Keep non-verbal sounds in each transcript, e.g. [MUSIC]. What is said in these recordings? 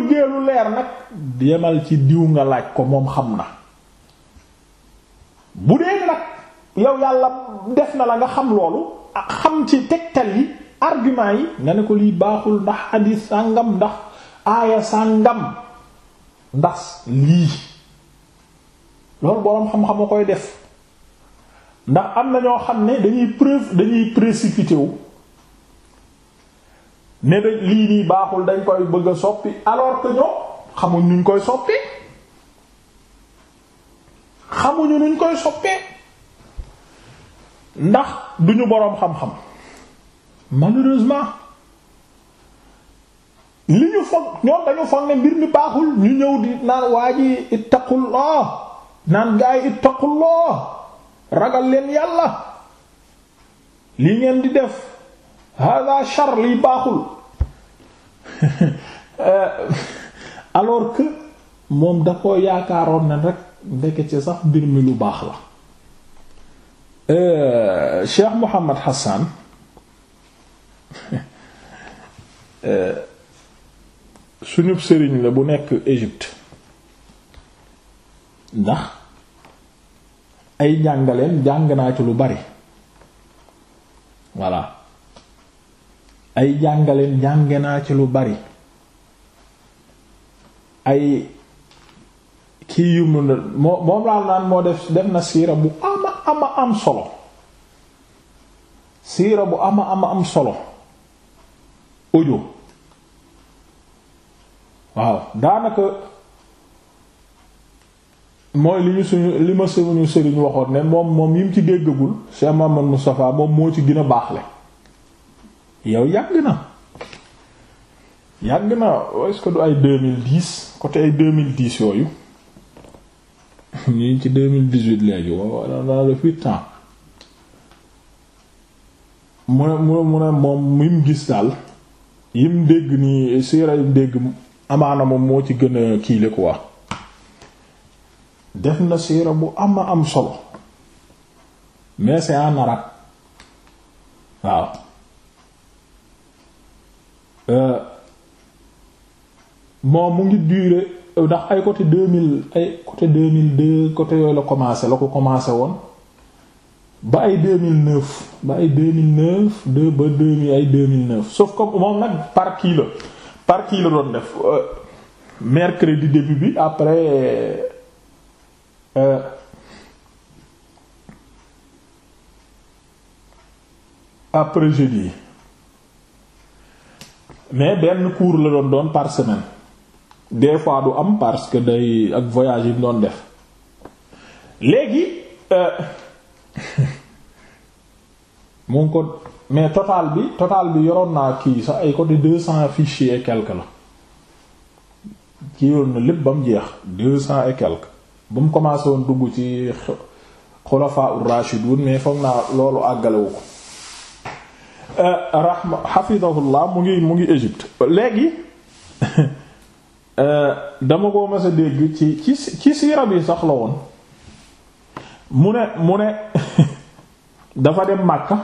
bëggee lu leer nag demal ci diw nga laaj ko moom xam na bu dee nag yow yàlla def na la nga xam loolu ak xam ci tegtal yi argument yi nga ne ko lii baaxul ndax hadith sàngam ndax aaya sàngam ndax lii loolu boroom xam-xam a koy def ndax am na ñoo xam ne dañuy preuve dañuy précipité wu ne da lii nii baaxul dañ koy bëgg a soppi alors que ñoom xamuñ nuñ koy soppi xamuñu nuñ koy soppee ndax duñu boroom xam-xam malheureusement li ñu foog ñoom dañu foog ne mbir mi baaxul ñu ñëw di naan waa ji ittaqullah naan gaay ittaqullah ragal leen yàlla li ngeen di def hada shar li baaxul Euh, alors que moom da yaakaaroon na rek ndeke ci sax mbir mi lu baax la euh, Cheikh Mohammed Hassan [LAUGHS] euh, suñu sëriñ la bu nekk Égypte ndax ay njàngaleen jàng naa ci lu bari voilà ay jàngaleen jànge naa ci lu bari ay kii yu mu moo moom laa naan moo def def na siira bu ama ama am solo siira bu ama ama am solo uju waaw daanaka mooy li ñu suñu li ma suñu sëriñ waxoon ne moom moom yi mu ci déggagul Cheikh Mamadou Moustapha moom moo ci gën a baaxle yow yàgg na yàgg na est-ce que du ay 2010 côté ay 2010 yooyu [LAUGHS] ñu ngi ci 2018 léegi wala dans le huit ans mu ne mu ne moom mim gis daal yim dégg nii siira yim dégg amaana moom moo ci gën a kiile quoi def na siira bu ama am solo mais c'est en waaw Euh, moom mu ngi duré ndax ay côté deux mille ay côté deux mille deux côté yooyu la commencé la ko commencé woon ba ay deux mille neuf ba ay deux mille neuf deux ba deux mille ay deux mille neuf sauf que moom nag par kii la par kii la doon def euh, mercredi début bi après. Euh, après jeudi mais benn cours la doon doon par semaine des fois du am parce que day ak voyage yi doon def léegi euh, [LAUGHS] mu ngi ko mais total bi total bi yoroon naa kii sax ay côté deux cents fichiers et quelque la kii yoroon na lépp ba mu jeex deux cents et quelque ba mu commencé woon dugg ci xulafaa ur-rashidun mais foofu naa loolu àggalewu ko Euh, rahma hafidahullah mu ngi mu ngi Égypte léegi euh, dama ko mës a dégg ci ci ci yi sax la woon mu ne mu ne [LAUGHS] dafa dem Makka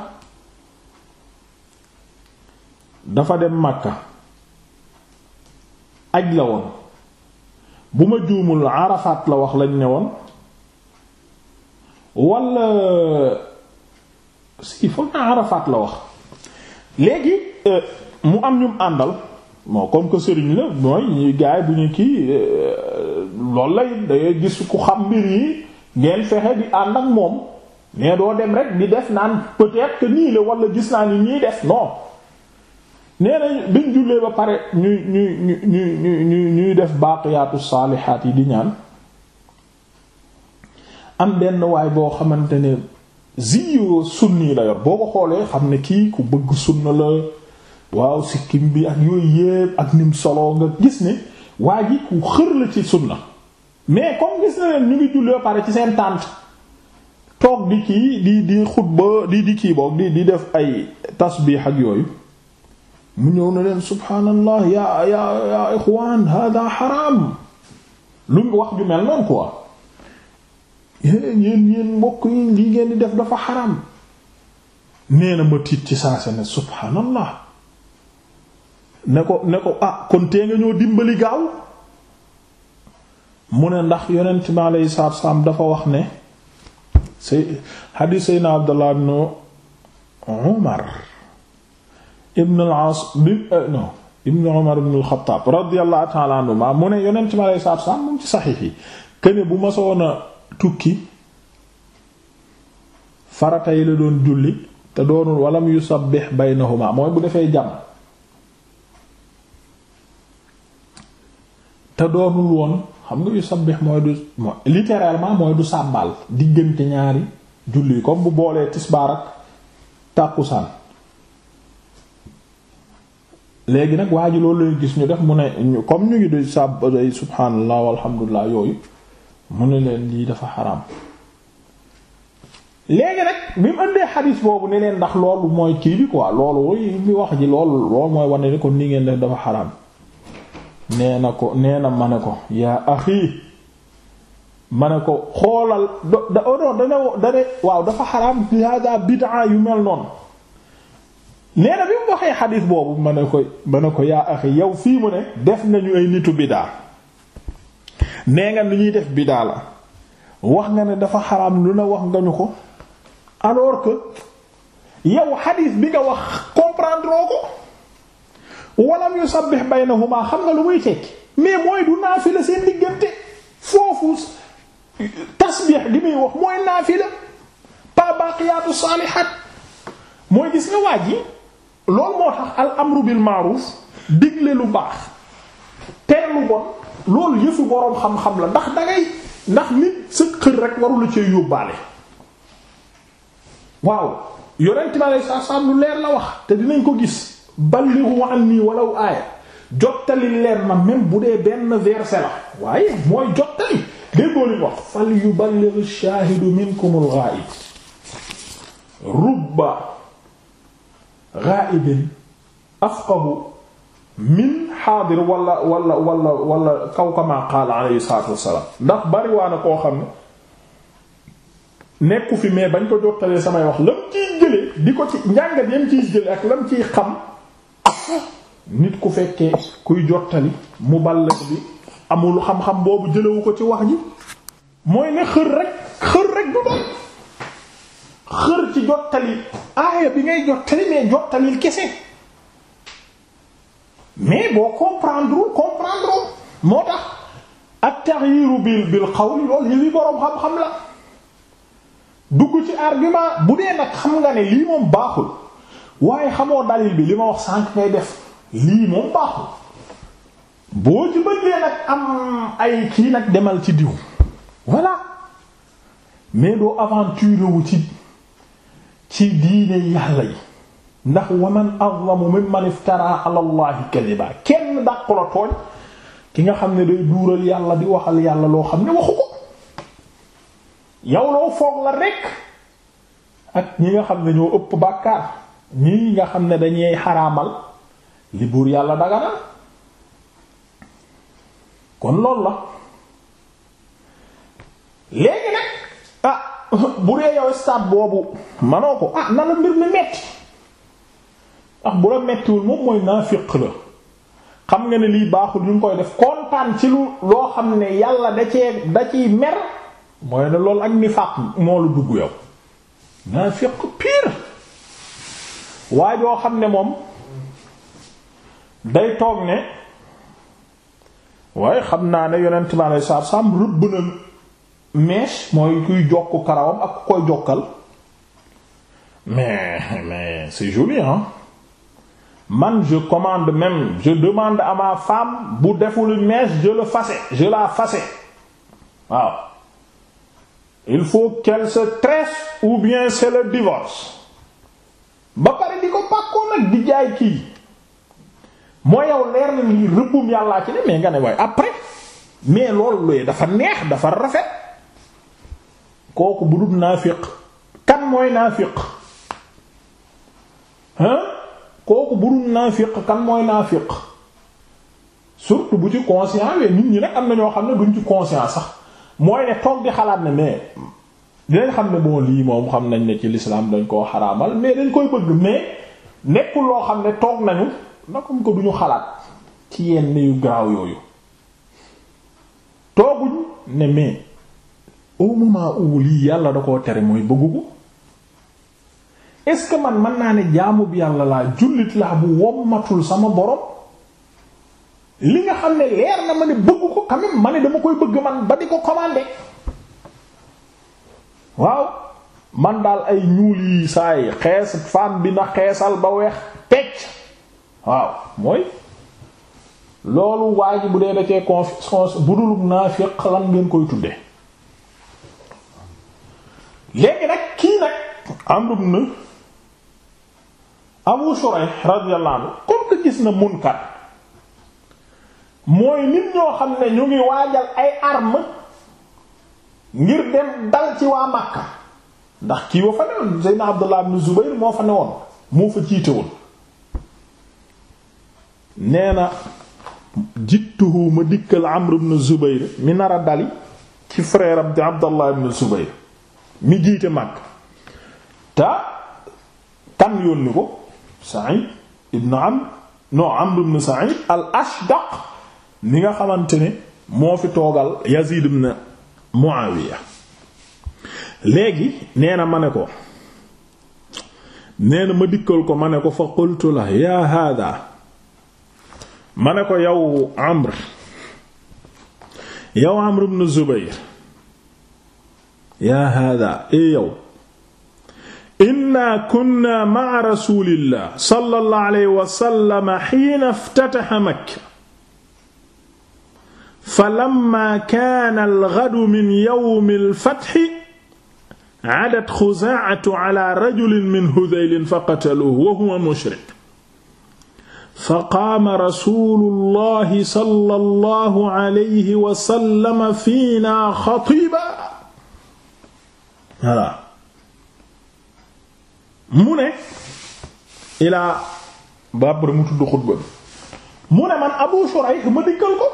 dafa dem Makka aj la woon bu ma juumul Arafat la wax lañ ne woon walla si foog na Arafat la wax léegi euh, mu am ñum àndal moo comme que sëriñ la mooy gaay bu ñu kii euh, loolu lay dangay gis ku xam mbir yi ngeen fexe di ànd ak moom mais doo dem rek di def naan peut-être nii la wala gis naa ni ñuy def non nee na biñ jullee ba pare ñuy ñuy ñuy ñuy ñuy def baaqiyaatu saalihaat yi di ñaan am benn waay boo xamante ne. ziyo sunni la yor boo ko xoolee xam ne kii ku bëgg sunna la waaw sikkim bi ak yooyu yépp ak nim solo nga gis ne waa ji ku xër la ci sunna mais comme gis na leen ñu ngi jullee pare ci seen tànt toog di kii di di xutba di di kii boog di di def ay tasbix ak yooyu mu ñëw na leen subhaanallah ya ya ya ixwaan hada xaram lu wax ju mel noonu quoi yéen yéen mbokk yi ngeen di def dafa xaram nee na ma tiit ci saasa ne subhaanallah ne ko ne ko ah kon tee nga ñoo dimbali gaaw mu ne ndax yonent mi alayhi salaatu wa dafa wax ne say xadiis sayna Abdullah ibn Umar ibn al-As bi eh, non ibn Umar ibn al-Khattab radiyallahu ta'ala anhuma mu ne yonent mi alayhi salaatu wa salaam ci saxiix yi këne bu ma soona tukki farata yi la doon julli te doonul walam yusabbih baynahuma mooy bu defee jàmm te doonul woon xam nga yusabbih mooy du mooy littéralement mooy du sàbbaal diggante ñaari julli comme bu boolee tisbaar ak léegi nag waa ji loolu lay gis ñu def mu ne comme ñu ngi du sàbb subhaanallah walhamdulillah yooyu mu ne leen lii dafa xaraam léegi nag bi mu ëndee xadis boobu ne leen ndax loolu mooy kii bi quoi loolu bi wax ji loolu loolu mooy wane ne kon nii ngeen def dafa xaraam nee na ko nee na ma ne ko yaa axi ma ne ko xoolal da oh dafa xaraam hada bid'a yu mel noonu nee na bi mu waxee xadis boobu ma ne ko ma ne ko yaa axi yow fii mu ne def nañu ay nitu bid'a nee nga lu ñuy def bidaa la wax nga ne dafa xaraam lu ne wax nga ñu ko alors que yow xadiis bi nga wax comprendre oo ko na yusabbih baynahuma xam nga lu muy tekki mais mooy du naafila seen diggante foofu tasbix gi muy wax mooy naafila pa baaqiyaatu saalihaat mooy gis nga waaj yi loolu moo tax al bil ma'ruf digle lu baax tere lu bon loolu yëfu boroom xam-xam la ndax dangay ndax nit sa xër rek warula cee yóbbaale waaw yonent bi alei sat salaam lu leer la wax te dinañ ko gis ballighu anni walaw aaya jottali leer na même bu dee benn verset la waaye mooy jottali déggoo li wax fal yuballighu ash-shaahidu minkumul ghaa'ib rubba ghaa'ibin afqahu min xaadir walla walla wala wala kaw kama qaala alayhi salaatu wassalaam ndax bariwaana koo xam ne nekku fi mais bañ ko jottalee samay wax lam ciy jëlee di ko ci njàngat yam ciy jëlee ak lam ciy xam nit ku fekkee kuy jottali mu ball bi amul xam-xam boobu jëlewu ko ci wax ji mooy ne xër rek xër rek du doy xër ci jottali aaya bi ngay jottali mais jottalil kese mais boo comprendre comprendre moo tax at-taghyiru bil bil qawl loolu yi li boroom xam-xam la dugg ci argument bu dee nag xam nga ne lii moom baaxul waaye xamoo dalil bi li ma wax sànq ngay def lii moom baaxul boo ci bëggee nag am ay kii nag demal ci diw voilà mais doo aventure ci ci diine yàlla yi ndax waman azlamu mimman iftara ala allahi kadiba kenn dàq tooñ ki nga xam ne day duural yàlla di waxal yàlla loo xam ne waxu ko yow loo foog la rek ak ñi nga xam ne ñoo ëpp bàkkaar ñi nga xam ne dañuy xaraamal li buur yàlla dagana kon loolu la léegi nag ah [LAUGHS] bu dee yow stade boobu manoo ko ah nana mbir mi metti ndax bu la mettiwul moom mooy naafiq la xam nga ne lii baaxul ñu ngi koy def kontaan ci loo xam ne yàlla da cee da ciy mer mooy ne loolu ak nifaaq moo lu dugg yow naafiq pire waaye yoo xam ne moom day toog ne waaye xam naa ne yonent bi alei satu salaam rëbb na mèche mooy kuy jokk karawam ak ku koy jokkal mais mais c'est joli hein man je commande même je demande à ma femme bu deful mèche je le fasse je la fasse waaw il faut qu'elle se tresse ou bien c'est le divorce ba pare di ko pàkkoo nag di jaay kii moo yow leer na li rëbbum yàllaa ci ne mais nga ne waaye après mais loolu looy dafa neex dafa rafet kooku bu dul naafiq kan mooy naafiq hein kooku bu dul naafiq kan mooy naafiq surtout bu ci conscient we nit ñi nag am na ñoo xam ne duñ ci conscient sax mooy ne toog di xalaat ne mais dinañ xam ne bon lii moom xam nañ ne ci l'islam dañ koo xaraamal mais dañ koy bëgg mais nekkul loo xam ne toog nañu nakom ko duñu xalaat ci yenn yu gaaw yooyu tooguñ ne mais au moment où lii yàlla da koo tere mooy bëggu est-ce que man mën naa ne jaamu bi yàlla laa jullit laa bu wommatul sama borom li nga xam ne leer na ma ne bëgg ko quand même ma ne dama koy bëgg man ba di ko commandé waaw man daal ay ñuul yi saay xees femme bi na xeesal ba weex pecc waaw mooy loolu waa ji bu dee da cee confiance bu dul naafiq lan ngeen koy tudde léegi nag kii nag am na Abu Shurayh radiyallahu anhu comme gis na munkar mooy nit ñoo xam ne ñu ngi waajal ay arme ngir dem dal ci waa Makka ndax kii wa fa ne woon Seydina Abdullah ibn Zubayr moo fa ne woon moo fa jiite woon nee na jittuhu ma dikkal Amr ibn Zubayr mi nar a dali ci frère am di Zubayr mi jiite Makka te kan yónni ko Sa'id ibn Amr non Amr ibn Sa'id al-Ashdaq mi nga xamante ni moo fi toogal Yazid ibn Muawiya léegi nee na ma ne ko nee na ma dikkal ko ma ne ko fa qultu la yaa hada ma ne ko yow Amr yow Amr ibn Zubayr ya hada e eh yow inna kunna ma'a rasulillah sallallahu alayhi wa sallam hiina iftataha Makka falamma kaana al-ghadu min yawmi al-fathi adat Xuzaa'atu ala rajulin min Hudhaylin faqataluhu wa huwa mushrik faqaama rasuulullahi sallallahu alayhi wa sallam fiinaa xatiiban mu ne ilaa bàbbara mu tudd xutba bi mu ne man abu shuraih ma dikkal ko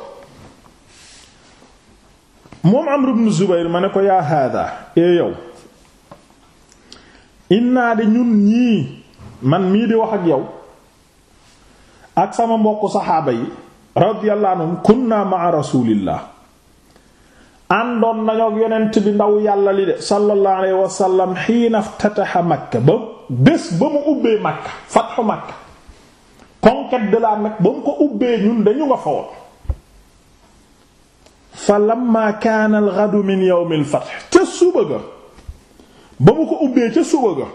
moom amr ibn zubayr ma ne ko yaa hàddaa ee yow innaa di ñun ñii man mii di wax ak yow ak sama mbokk saxaaba yi radiyallahu anhum kunna ma'a rasulillah àndoon nañu ak yonent bi ndaw yàlla li de sallallahu alayhi wa sallam hiina makka ba bés ba mu ubbee Makka fatxu Makka conquête de la ba mu ko ubbee ñun dañu nga fa woon fa lamma kaana al-ghadu min yawm al-fath ca suba ga ba mu ko ubbee ca suba ga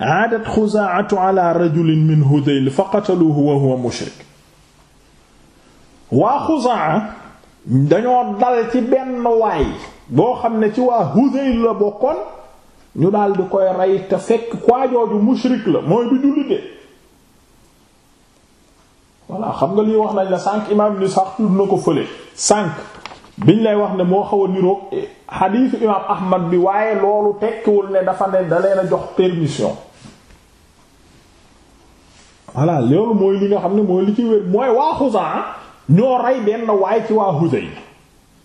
aadat xuzaa'atu ala rajulin min Hudayl fa qataluhu wa huwa waa dañoo dal ci benn waay boo xam ne ci waa Hudayl la bokkoon ñu daal di koy rey te fekk kwaajooju mushrik la mooy du jullit de voilà xam nga lii wax nañ la sànq imaam ni sax tudd na ko fële sànq biñ lay wax ne moo xaw a niroog xadiisu imaam ahmad bi waaye loolu tekkiwul ne dafa ne da leen a jox permission voilà loolu mooy li nga xam ne mooy li ci wér mooy waa Xuzaa ñoo rey benn waaye ci waa Hudayl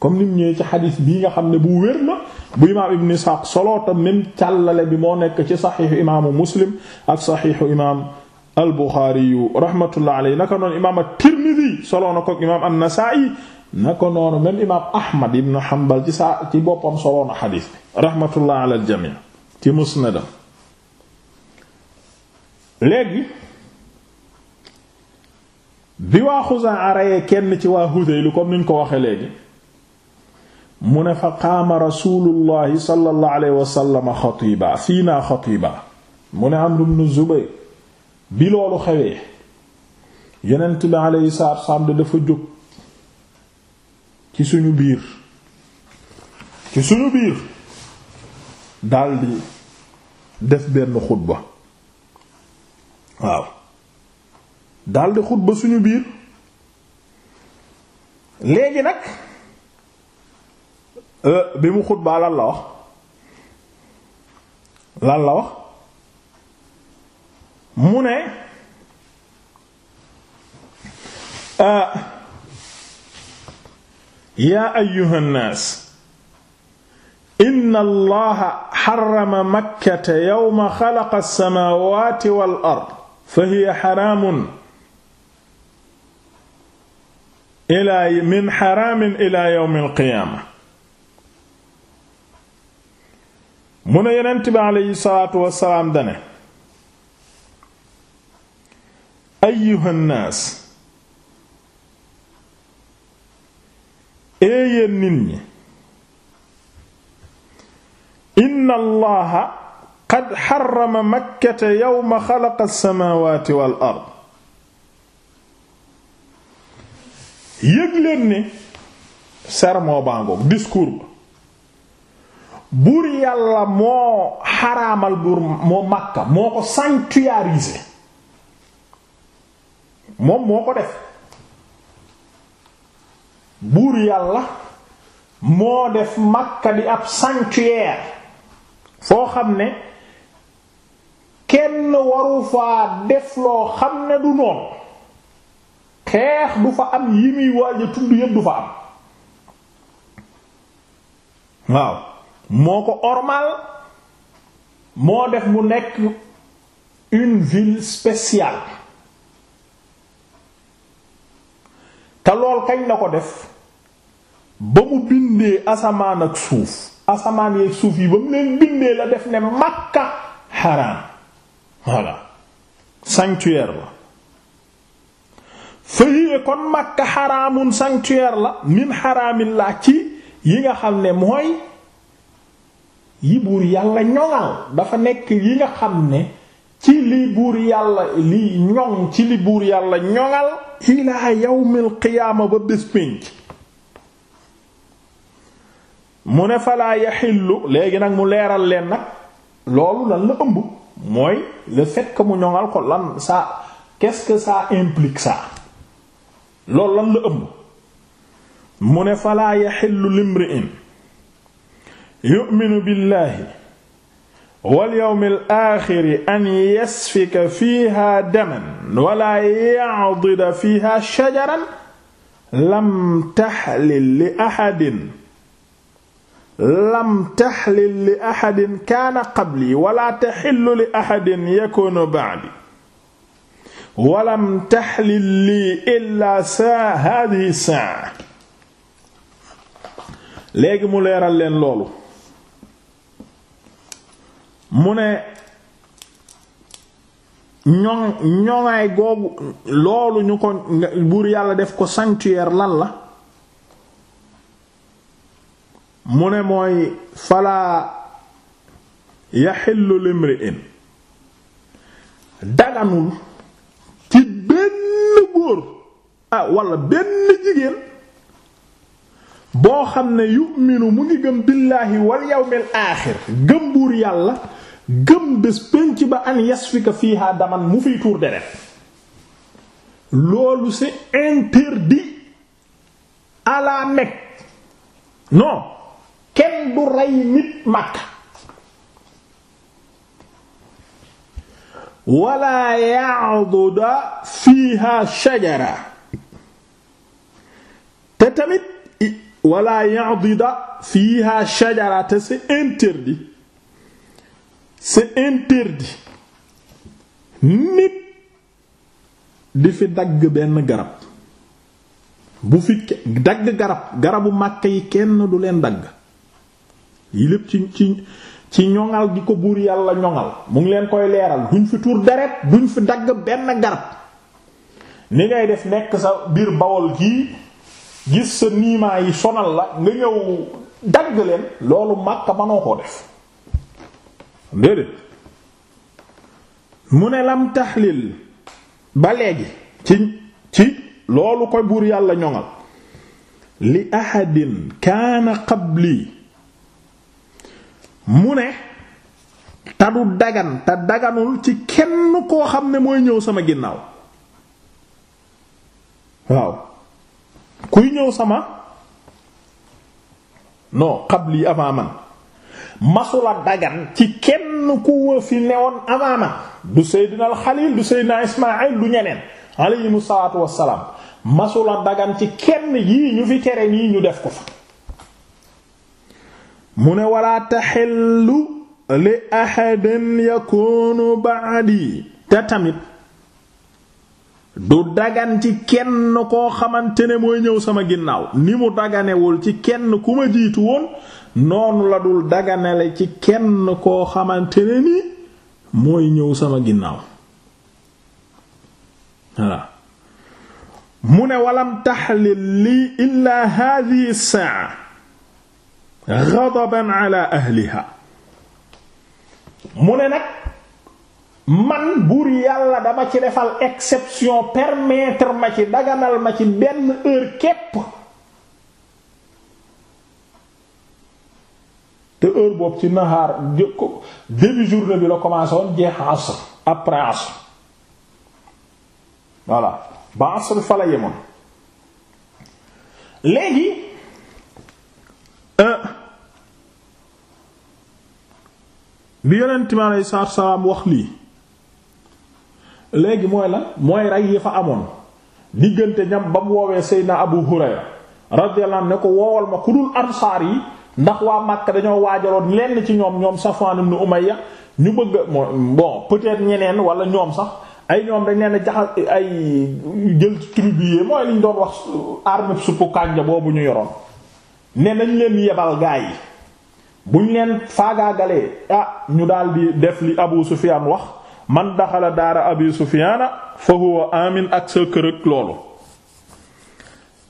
comme ni mu ñëwee ci xadis bii nga xam ne bu wér na bu imaam ibn Isxaaq solo tam même bi moo nekk ci saxiixu imaamu Muslim ak saxiixu imaam al-Buxaari rahmatullah alayhi naka noonu imaam at-Tirmidi solo na ko imaam an-Nasaa'i naka noonu même imaam Ahmad ibn Hanbal ci saa ci boppam solo na xadis bi rahmatullah ala al-jamii ci musnadam léegi bi waa Xuzaa rayee kenn ci waa Hudayl comme niñ ko waxee léegi. mu ne fa qaama rasulullahi sallallahu alayhi wasallama xatiba fii naa xatiba mu ne Amr ibn Zubayr bi loolu xewee yonent bi alayhi salaatu wassalaam dafa jóg ci suñu biir ci suñu biir daldi def benn xutba waaw daldi xutba suñu biir léegi nag Euh, bi mu xutbaa lan la wax lan la wax mu ne euh, yaa ayyuha nnaas inna allaha xarama makkata yawma xalaqa alsamawati wal ard fa hiya xaraamun ila min xaraamin ila yawmi alqiyaama mu ne yonent bi aleyhi salaatu wassalaam dane ayyuha nnaas éeyéen nit ñi inna qad xarama makkata yawma xalaqa alsamaawaati wal ard yëg leen ne buur yàlla moo xaraamal buur moo Makka moo ko sanctuarisé moom moo ko def buur yàlla moo def Makka di ab sanctuaire foo xam ne kenn waru faa def loo xam ne du noonu xeex du fa am yi muy waaj tudd yépp du fa am waaw moo ko ormal moo def mu nekk une ville spéciale te lool kañ na ko def ba mu bindee asamaan ak suuf asamaan yeeg suuf yi ba mu leen bindee la def ne Makka xaraam voilà sanctuaire la fa hiya kon Makka xaraamun sanctuaire la min xaraamillah ci yi nga xam ne mooy yi buur yàlla ñoŋal dafa nekk yi nga xam ne ci li buur yàlla li ñoŋ ci li buur yàlla ñoŋal ilaa yawmil qiyaama ba bés pénc mu ne falaa yaxillu léegi nag mu leeral leen nag loolu lan la ëmb mooy le fait que mu ñoŋal ko lan ça qu'est-ce implique ça loolu lan la ëmb mu ne falaa yaxillu limri'in yu'minu billahi wal yawmil aaxiri an yasfika fiihaa daman wala ya'dida fiihaa shajaran lam taxlil li axadin lam taxlil li axadin kaana qabli wala taxillu li axadin yakuunu ba'di walam taxlil lii illaa saa haadihi saa léegi mu leeral leen loolu mu ne ñoŋ ñoŋaay googu loolu ñu ko buur yàlla def ko sanctuaire lan la mu ne mooy falaa yaxillu limri'in daganul ci benn góor ah walla benn jigéen boo xam ne yu'minu mu ngi gëm billaahi wal yawmil aaxir gëm buur yàlla gëm bés penc ba an yasfika fiha daman mu fiy tuur deret loolu c'est interdit à la Mecque non kenn du rey nit Makka wala ya'duda fiha shajara te tamit wala ya'duda fiha shajara te c'est interdit c'est interdit nit di fi dagg benn garab bu fi dagg garab garabu màkk yi kenn du leen dagg yi lépp ci ci ñoŋal di ko buur yàlla ñoŋal mu ngi leen koy leeral duñ fi tuur deret duñ fi dagg benn garab ni ngay def nekk sa biir bawol gii gis sa niimaa yi sonal la nga ñëw dagg leen loolu màkk manoo koo def déedéet mu ne lam taxlil ba léegi ci ci loolu koy buur yàlla ñoŋal li ahadin kaana qabli mu ne te du dagan te daganul ci kenn koo xam ne mooy ñëw sama ginnaaw waaw kuy ñëw sama noo qabli avant man masula dagan ci kenn ku fi newoon amaana du seydina alxalil du seydina ismaayil du ñeneen aleyhimu salaatu wassalaam masula dagan ci kenn yii ñu fi tere nii ñu def ko fa mu ne walaa taxillu li ahadin yakunu ba'di te tamit du dagan ci kenn koo xamante ne mooy ñëw sama ginnaaw ni mu daganewul ci kenn ku ma jiitu woon noonu la dul daganale ci kenn koo xamante ni mooy ñëw sama ginnaaw mu ne walam taxlil lii illaa hadihi saa ghadaban ala ahliha mu ne nag man buur yàlla dama ci defal exception permettre ma ci daganal ma ci benn heure képp te heure boobu ci nahaar jëkko bi la commencé jeex asr après asr voilà ba asr fa la yemoon léegi euh, bi yonent mi aleyhi salaatu salaam wax lii léegi mooy la mooy rey yi fa amoon diggante ñam ba mu woowee Seydina Abu Hurayra radiyallahu ne ko woowal ma ku dul ansaar yi ndax waa Makka dañoo waajaloon lenn ci ñoom ñoom Safwan ibn ya ñu bëgg bon peut-être ñeneen wala ñoom sax ay ñoom dañ leen jaxal ay jël tribu mooy liñ doon wax arme suppu kànja boobu ñu yoroon ne nañ leen yebal gaa yi buñ leen faagaagalee ah ñu daal di def li Abu Sufyan wax man daxala daara Abi Sufyan fa huwa amin ak sa kër ak loolu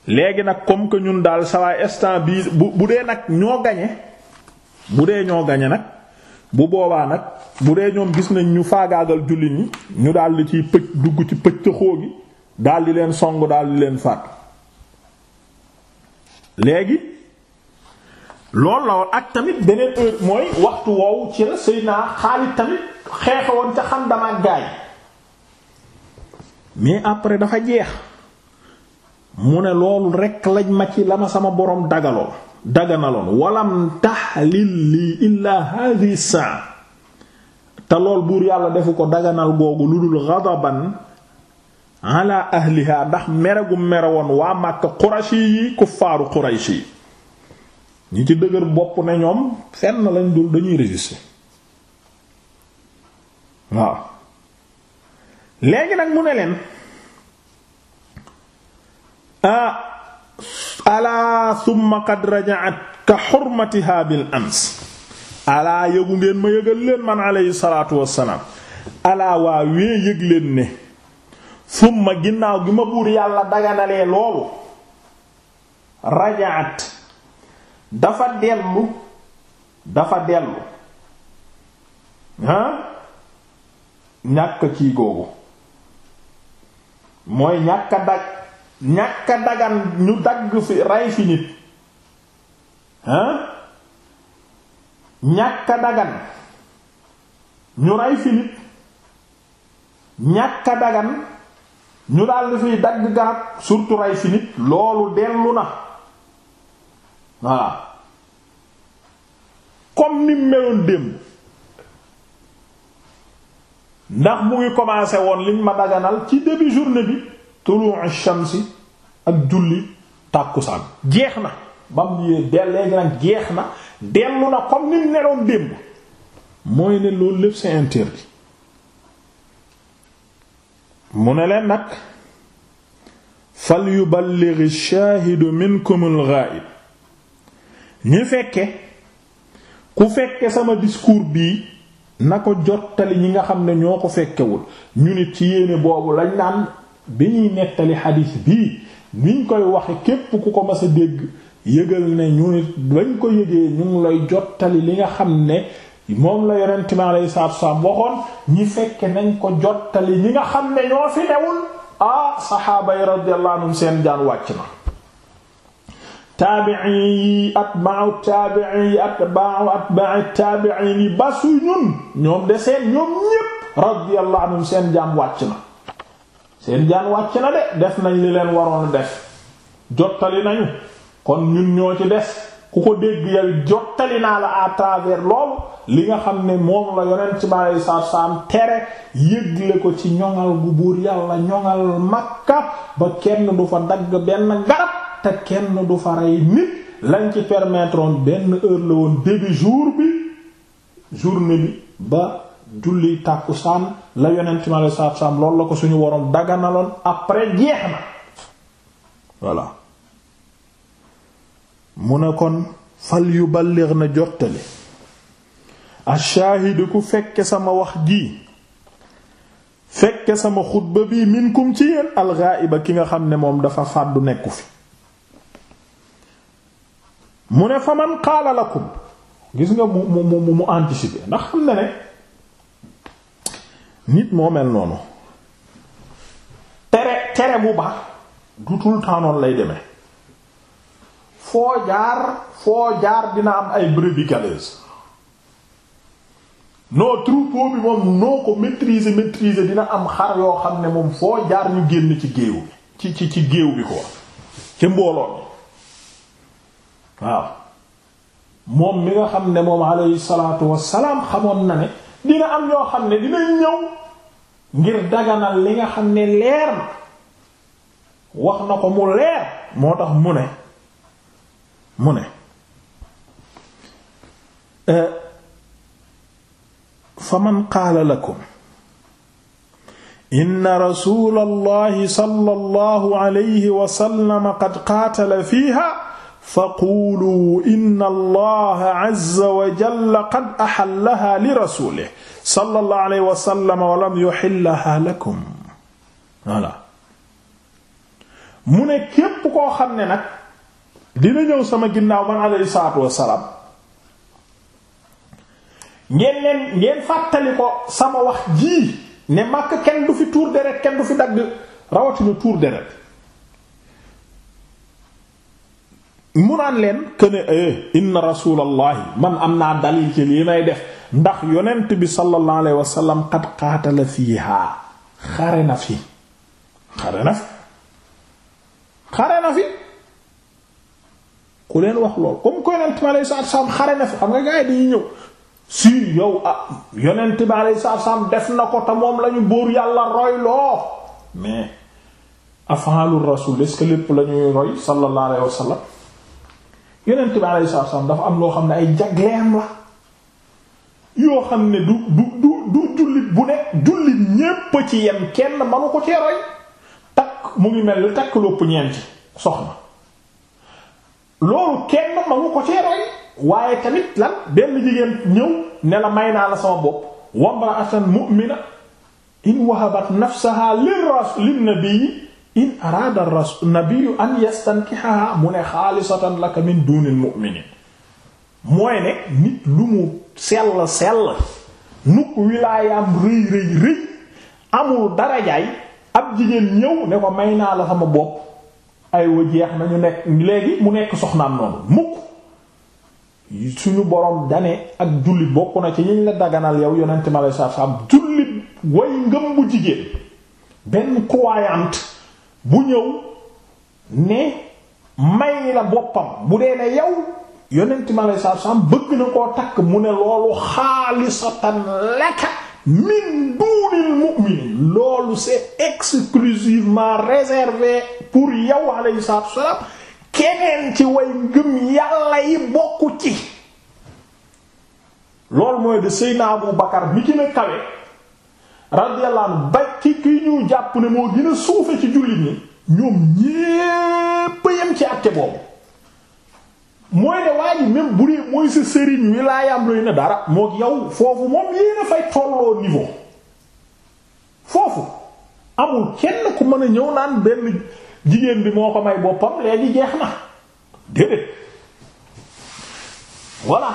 léegi nag comme que ñun daal sawaay instant bii bu bu dee nag ñoo gañe bu dee ñoo gañe nag bu boobaa nag bu dee ñoom gis nañ ñu faagaagal jullit ñi ñu daal di ciy pëcc dugg ci pëcc xoo gi daal di leen song daal leen faat léegi lool la woon ak tamit beneen heure mooy waxtu woowu ci la Seydina Xaalid tamit xeexewoon ca Xandam ak gaay mais après dafa jeex. mu ne loolu rekk lañ ma ci la ma sama boroom dagaloon daganaloon walam taxlil lii illaa hadi te lool buur yàlla defu ko daganal googu lu dul ghadaban ala ahliha ndax mere gu mere woon waa Makka qurashi yi kuffaaru qurayshi yi ñi ci dëgër bopp ne ñoom fenn lañ dul dañuy résister waaw léegi nag mu ne leen Ah, alaa summa qad rajaat ka xurmatiha bil ams alaa yëgu ngeen ma yëgal leen man alaa waa wee yëg leen ne summa ginnaaw gi ma buur yàlla daganalee loolu rajaat dafa dellu dafa dellu ah ñàkk kii googu mooy ñàkk a ñàkk dagan ñu dagg fi rey fi nit hein ñàkk dagan ñu rey fi nit ñàkk dagan ñu daldi fiy dagg garab surtout rey fi nit loolu dellu na voilà comme ni meloon démb ndax mu ngi commencé woon liñ ma daganal ci début journée bi tulu'u shamsi ak julli tàkkusaan jeex na bam yee del léegi nag jeex na dellu na comme ni mu démb mooy ne loolu lépp c'est interdit mu ne leen nag fal yuballighi shaahidu minkum al-ghaa'ib ñi fekke ku fekke sama discours bii na ko jottali ñi nga xam ne ñoo ko fekkewul ñu nit ci yéene boobu lañ naan bi ñuy nettali xadiis bii niñ koy waxe képp ku ko mas a dégg yëgal ne ñu nit bañ ko yëgee ñu ngi lay jottali li nga xam ne moom la yonent mi alayhi salaatu salaam waxoon ñi fekke nañ ko jottali ñi nga xam ne ñoo fi newul ah saxaaba yi radiyallahu seen jaan wàcc na taabi'in yi atba'u taabi'in yi atba'u atba'i yi ba su ñun ñoom de seen ñoom ñépp radiyallahu seen jaan wàcc na seen jaan wàcc na de def nañ li leen waroon def jottali nañu kon ñun ñoo ci des ku ko dégg yow jottali naa la à travers loolu li nga xam ne moom la yonent ci bàyyi saa saam tere yëgle ko ci ñoŋal bu buur yàlla ñoŋal makka ba kenn du fa dagg benn garab te kenn du fa rey nit lañ ci permettre woon benn heure woon début jour bi journée bi ba julli tàkkusaan la yonent mi alayhi salaatu salaam la ko suñu woroom dagganaloon après jeex na voilà mu ne kon fal yuballigh na jottali ashaahidu ku fekke sama wax ji fekke sama xutba bi minkum ci yéen alxaayiba ki nga xam ne moom dafa fàddu nekku fi mu ne fa man qaala gis nga mu mu mu mu ndax xam ne ne nit moo mel noonu tere tere bu baax du tout le temps lay demee foo jaar foo jaar dina am ay brebis galeuses noo troupeau bi moom noo ko maîtriser maîtriser dina am xar yoo xam ne moom foo jaar ñu génn ci géew bi ci ci ci géew bi ko ci mbooloo waaw moom mi nga xam ne moom alayhi salaatu wassalaam xamoon na ne dina am ñoo xam ne dinañ ngir daganal li nga xam ne leer na wax na ko mu leer moo tax mu ne mu ne euh, fa man qaala lakum inna rasuulallahi sallallahu alayhi wa qad qaatala fiiha faquulu inna allaha azza wa jalla qad axallaha li rasulihi sallallahu alayhi wa sallam wa lam yuxillaha lakum voilà mu ne képp koo xam ne nag dina ñëw sama ginnaaw man alayhi salaatu ngeen leen ngeen fàttali ko sama wax jii ne màkk kenn du fi tuur deret kenn du fi dagg rawatina tuur deret mu naan leen que ne eh, rasulallahi man am naa dalil ci lii may def ndax yonent bi sallallahu wa sallam qad na fi xare leen wax lool comme que yonent bi salaam xare na fi xam nga gars yi dañuy ñëw si yow ah yonent bi alayhi salaam def na ko te moom lañu buur yàlla roy loo mais afaalu rasul est ce que lépp lañuy roy sallallahu alayhi wa yeneen bi alayhi salaam dafa am loo xam ne ay jagleem la yoo xam ne du du du du jullit bu nekk jullit ñépp ci yem kenn manu ko cee takk mu ngi mel ni takk lopp ñeenti soxna loolu kenn manu ko cee waaye tamit lan benn jigéen ñëw ne la may naa la sama bopp wamra'atan mu'mina in wahabat nafsaha lir rasul lin nabiyyi in araada rasul nabiyu an yastankihaha mu ne xaalisatan laka min dunil mu'minin mooy ne nit lu mu sell sell nukk wilaayaam rëy rëy rëy amul darajaay ab jigéen ñëw ne ko may naa la sama bopp ay wa nañu nekk léegi mu nekk soxnaam noonu mukk suñu borom dane ak jullit bokk na ci yiñ la daganal yow yonente mi aleye satu jullit way ngëm bu jigéen benn croyante bu ñëw ne may la boppam bu dee ne yow yonent mi aleyhi salaatu salaam bëgg na koo takk mu ne loolu xaalisatan laka min duunil mu'minin loolu c'est exclusivement réservé pour yow aleyhi salaatu salaam keneen ci way ngëm yàlla yi bokku ci loolu mooy de Seydina Abu Bakar mi gën a kawe radiyallahu anhu ba ki ñu jàpp ne moo gën suufe ci jullit ñi ñoom ñépp yem ci àtte boobu mooy ne waaye même bu dee mooy sa wi laa yam luy ne dara moo yow foofu moom yéen a fay tolloo niveau foofu amul kenn ku mën a ñëw naan benn jigéen bi moo ko may boppam léegi jeex na déedéet voilà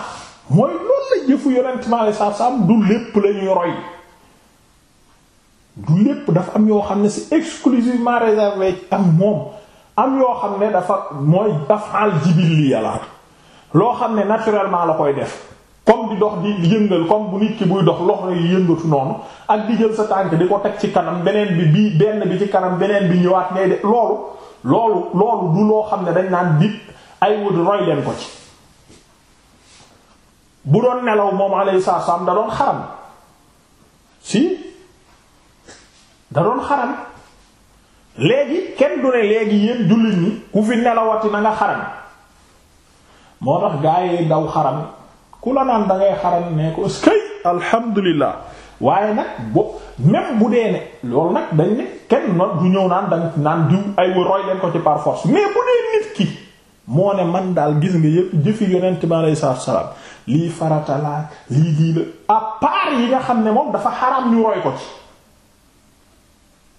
mooy loolu la jëfu yonent ma lay saab saab du lépp lañuy roy du lépp dafa am yoo xam ne si exclusivement réservé am moom am yoo xam ne dafa mooy afal jibilli yàlla loo xam ne naturellement la koy def comme di dox di yëngal comme bu nit ki buy dox loxo yi yëngatu noonu ak di jël sa tànk di ko teg ci kanam beneen bi bii benn bi ci kanam beneen bi ñëwaat ngay de loolu loolu du loo xam ne dañ naan di ay wut roy leen ko ci bu doon nelaw moom alayhi salaam da doon xaram si da doon xaram léegi kenn du ne léegi yéen jullit ñi ku fi nelawati na nga xaram moo tax gaa yi daw xaram ku la naan dangay ngay xaram ne ko eskay alhamdulilah waaye nag bo même bu dee ne loolu nag dañ ne kenn du ñëw naan dang naan diw ay roy leen ko ci par force mais bu dee nit ki moo ne man daal gis nga yëpp jëfi yonent bi aleyhi salaatu salaam lii faratalaak lii dii la à part yi nga xam ne moom dafa xaram ñu roy ko ci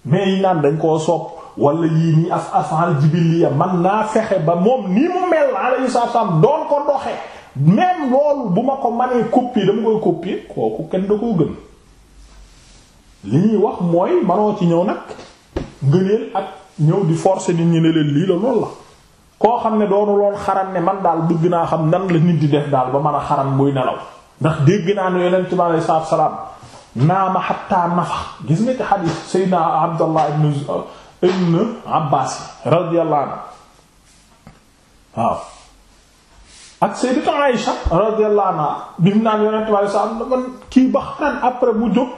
mais yi naan dañ koo sopp walla yii nii af afal jibiliya man naa fexe ba moom ni mu mel alayhi salaam doon ko doxe même loolu bu ma ko manee copier dama koy copier kooku kenn da koo gën li ñuy wax mooy manoo ci ñëw nag ngëneel ak ñëw di forcer nit ñu ne leen lii la lool la koo xam ne doonu loon xaran ne man daal bëgg naa xam nan la nit di def daal ba man a xaran muy nelaw ndax dégg naa ne yonent bi alayhi salaam naama xatta nafax gis nga ci xadiis seydna abdallah ibn ibn abbaas yi radiyallahu anhu waaw ak sayyidatu Aisha radiyallahu anha bi mu naan yonent bi sallallahu alayhi wasallam man kii ba xaran après mu jóg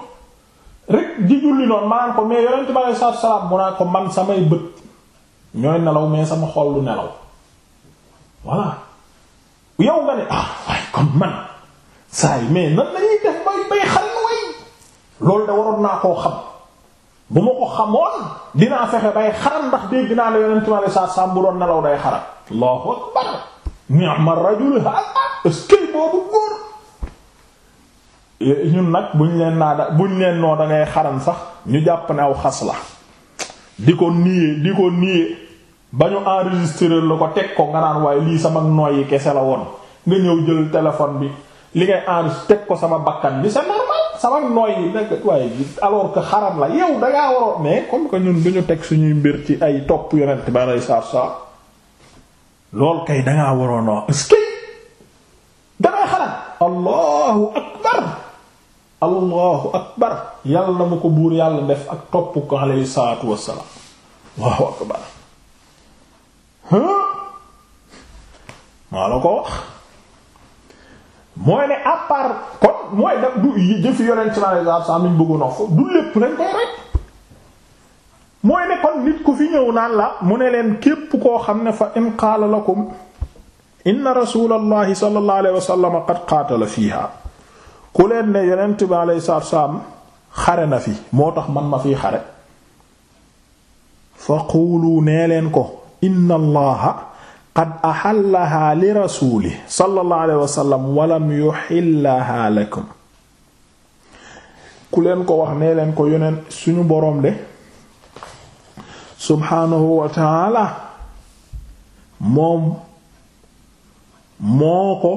rek di julli noonu ma naan ko mais yonent bi sallallahu alayhi wasallam mu naan ko man samay bët ñooy nelaw mais sama xol lu nelaw voilà yow nga ne ah waaye kon man saa yi mais nan lañuy def bay bay xal loolu de waroon naa koo xam bu ma ko xamoon dinaa fexe bay xaram ndax dégg naa la yonent mi alayhi salaatu salaam bu doon nelaw day xaram allahu akbar ni'ma rajul hada eskay boobu góor ñun nag buñ leen naa da buñ leen noo da ngay xaram sax ñu jàpp ne aw xas la di ko niiyee di ko niiyee ba ñu enregistré la ko teg ko nga naan waaye lii sama noyyi kese la woon nga ñëw jël téléphone bi li ngay enregistré teg ko sama bakkan bi c'est normal sama nooy yi nekk waaye alors que xaram la yow dangaa waroon mais comme que ñun duñu teg suñuy mbir ci ay topp yonent ba nay saar saar ko buur yàlla def ak topp la ko wax mooy ne à part mooy da du jëfi yonent sallallahu alayhi wasallam ñu bëggoon wax ko du lépp rek mooy ne kon nit ku fi ñëw naan la mu ne leen képp koo xam ne fa in qaala lakum inna rasulallahi sallallahu alayhi wasallam qad qaatala fiiha xare na fi moo tax man ma fiy xare fa quulu nee leen ko inna allaha qad axallahaa li rasuuli sallallahu alayhi wa sallam lakum ku leen ko wax nee leen ko yoneen suñu boroom de subxaanahu wa moom moo ko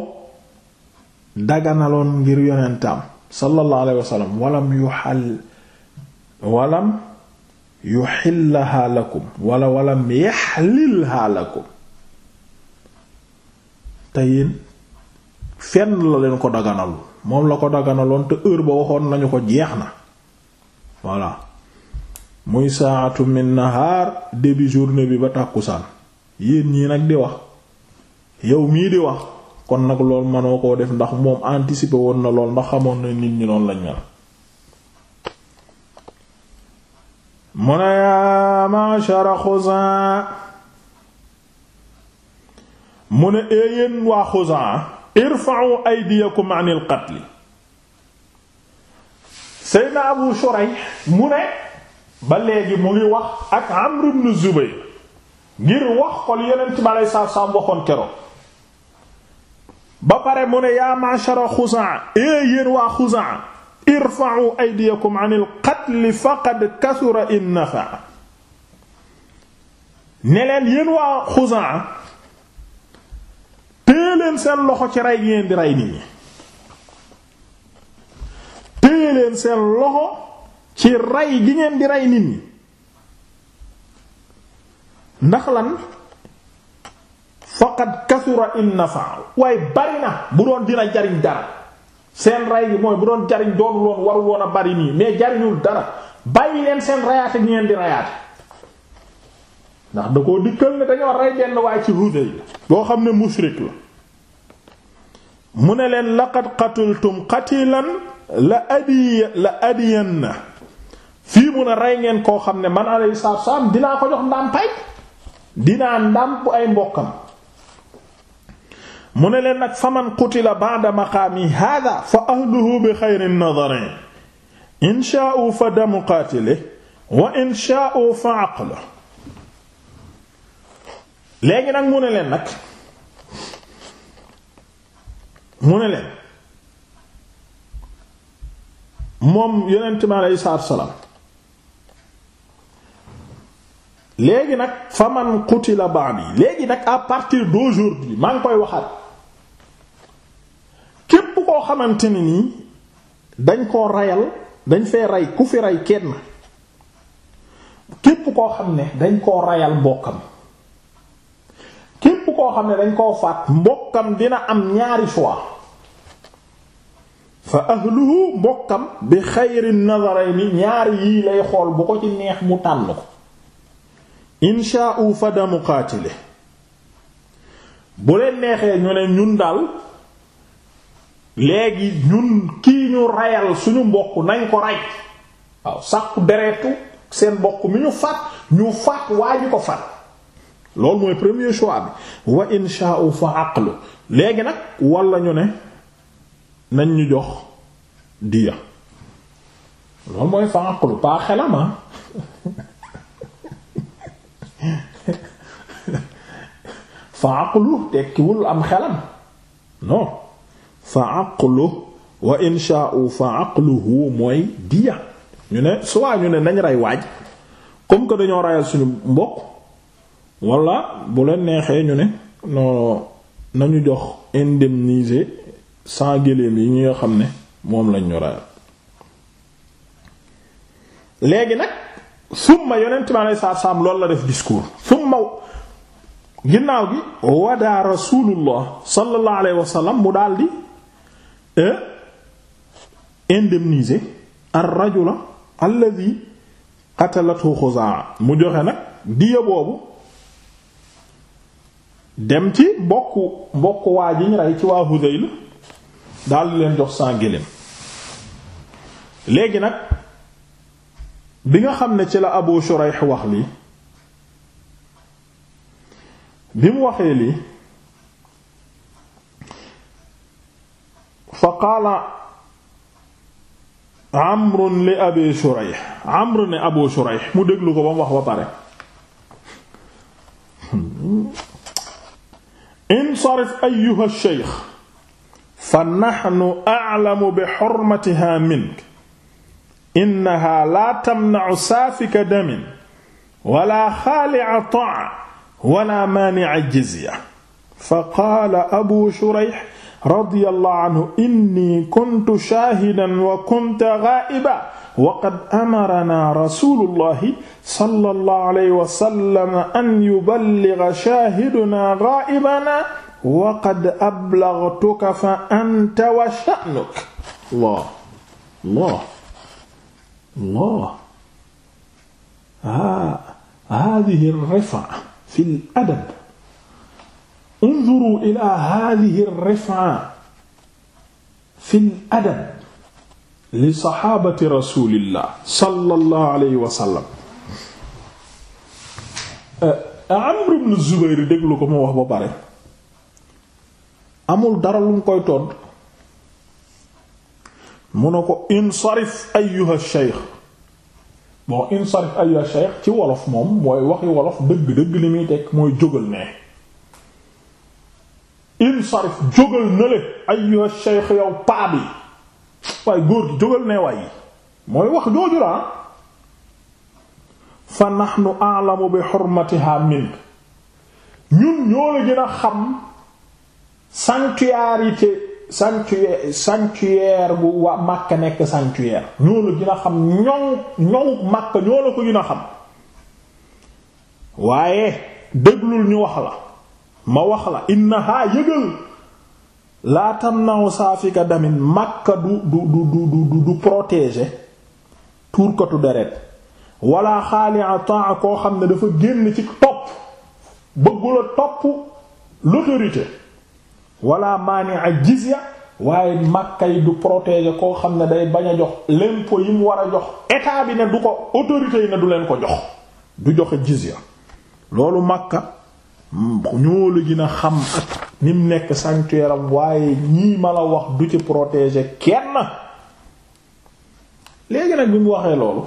daganaloon ngir yonentam sallallahu alayhi wa sallam walam yuxal walam yuxillahaa lakum wala walam yaxlilhaa lakum te yéen fenn la leen ko daganal moom la ko daganaloon te heure ba waxoon nañu ko jeex na voilà muy saatu min nahaar début journée bi ba tàkkusaan yéen ñii nag di wax yow mii di wax kon nag lool mënoo ko def ndax moom anticiper woon na lool ndax xamoon na nit ñi noonu lañ mel mu ne mu ne éeyéen eh waa Xuzaa irfa'u aydiyakum anil qatl Seydina Abu Shurayh mu ne ba léegi mu ngi wax ak Amr ibn Zubayr ngir wax ko li Yonent bi alayhi salaatu waxoon keroog ba pare mu ne yaa ma'shara Xuzaa éeyéen eh waa Xuzaa irfa'u aydiyakum anil qatl faqad kasura in nafa ne leen yéen waa Xuzaa leen seen loxo ci rey gi di rey nit ñi leen seen loxo ci rey gi ngeen di rey nit ñi ndax lan faqad kasura in nafa waaye bari na bu doon dina jariñ dara seen rey gi mooy bu doon jariñ doon woon waru woon bari nii mais jariñul dara bàyyi leen seen reyaate gi ngeen di reyaate ndax da koo dikkal ne dañoo rey benn waaye ci Hudayl boo xam ne mushrik la mu ne leen laqad qataltum qatilan la adi la adiyan na fii mun a rey ngeen koo xam ne man alayhi salaatu wassalaam dinaa ko jox ndàmpaay dinaa ndàmp ay mbokkam mu ne leen nag faman qutila ba'da maqaami haadaa fa ahluhu bi xayri nadarayn in shaa'u fa damu qaatilihi wa in shaa'u fa aqluhu léegi nag mu ne leen mu ne leen moom yonent bi aleyhi salaam léegi nag faman qutila ba'di léegi nag à partir d'aujourd'hui maa ngi koy waxaat képp koo xamante ne nii dañ koo rayal dañ fee rey ku fi rey kenn képp koo xam ne dañ koo rayal mbokkam képp koo xam ne dañ koo faat mbokkam dina am ñaari fois fa ahluhu mbokkam bi xayri nazarayni ñaar yii lay xool bu ko ci neex mu tànn ko inshaa'u fa damu bu leen neexee ñu ne ñun daal léegi ñun kii ñu rayal suñu mbokk nañ ko ray waaw sàkku deretu seen mbokk mi ñu faat ñu faat waa ji ko faat loolu mooy premier choix bi wa inshaa'u fa aqlu léegi nag walla ñu ne nañ ñu jox diya loolu mooy fanqlu pas xelama ah. fanqlu tekkiwul am xelam non fanqlu wa insha'u fanqluhu mooy diya ñu ne soit ñu ne nañ rey waaj comme que dañoo rayal suñu mbokk wala bu leen neexee ñu ne non nañu jox indemniser sa géléem yi ñi nga xam ne moom lañ ñu léegi nag summa yonent mi aleyhi salaatu salaam loolu la def discours summa ginnaaw gi wadaa rasulullah sallallahu alayhi wa sallam mu daldi euh, indemniser ar rajula alladhi qatalatu Xuzaa mu joxe nag diya boobu dem ci mbokku mbokku waa ji rey ci waa Hudayl daal leen jox cent léegi nag bi nga xam ne ci la Abu Shurayh wax lii bi mu waxee lii fa qaala amrun li abi Shurayh amr ne Abu Shurayh mu déglu ko ba mu wax ba pare insarif ayyuha shaykh fa naxnu aclamu bi xormatiha mink innaha laa tamnacu saafika damin wala xaalica taa wala maanica jizya fa qaala abu shurayx radiyallahu anhu inni kuntu shaahidan wa kunta gaa'iba wa qad amaranaa rasuulullahi sallallahu alayhi wa sallam an yuballiga shaahidunaa gaa'ibanaa wa qad ablaghtuka fa anta wa sha'nuk Allah Allah Allah hadhihi ar-rif'a fi al-adab unzuru ila hadhihi ar-rif'a fi al-adab li saxaabati rasulillah sallallahu alayhi wa sallam Amr ibn Zubayr déglu ko mu wax ba pare amul dara lu mu koy tontu mu ne ko insarif ayyuha shaykh bon insarif ayyuha shaykh ci wolof moom mooy waxi wolof dëgg-dëgg li muy teg mooy jógal ne insarif jógal na le ayyuha shaykh yow paa bi waaye góor gi jógal ne waay mooy wax jooju la fa nahnu a'lamu bi hurmatiha mink ñun ñoo la gën xam sanctuarité sanctuaire sanctuaire bu waa nekk sanctuaire ñoo la gën xam ñoŋ ñoŋu Makka ñoo la ko gën a xam waaye déglul ñu wax la ma wax la innaha yëgal laa tamnahu saafika damin Makka du du du du du du protéger tuurkatu deret wala xaalia taa koo xam ne dafa génn ci topp bëggula topp l'autorité wala maani'a jizya waaye Makka yi du protéger koo xam ne day bañ a jox l'impôt yi mu war a jox état bi ne du ko autorité yi ne du leen ko jox du jox joxe jizya loolu Makka ñoo la gën a xam ak ni mu nekk sanctuaire am waaye ñii ma la wax du ci protéger kenn léegi nag bi mu waxee loolu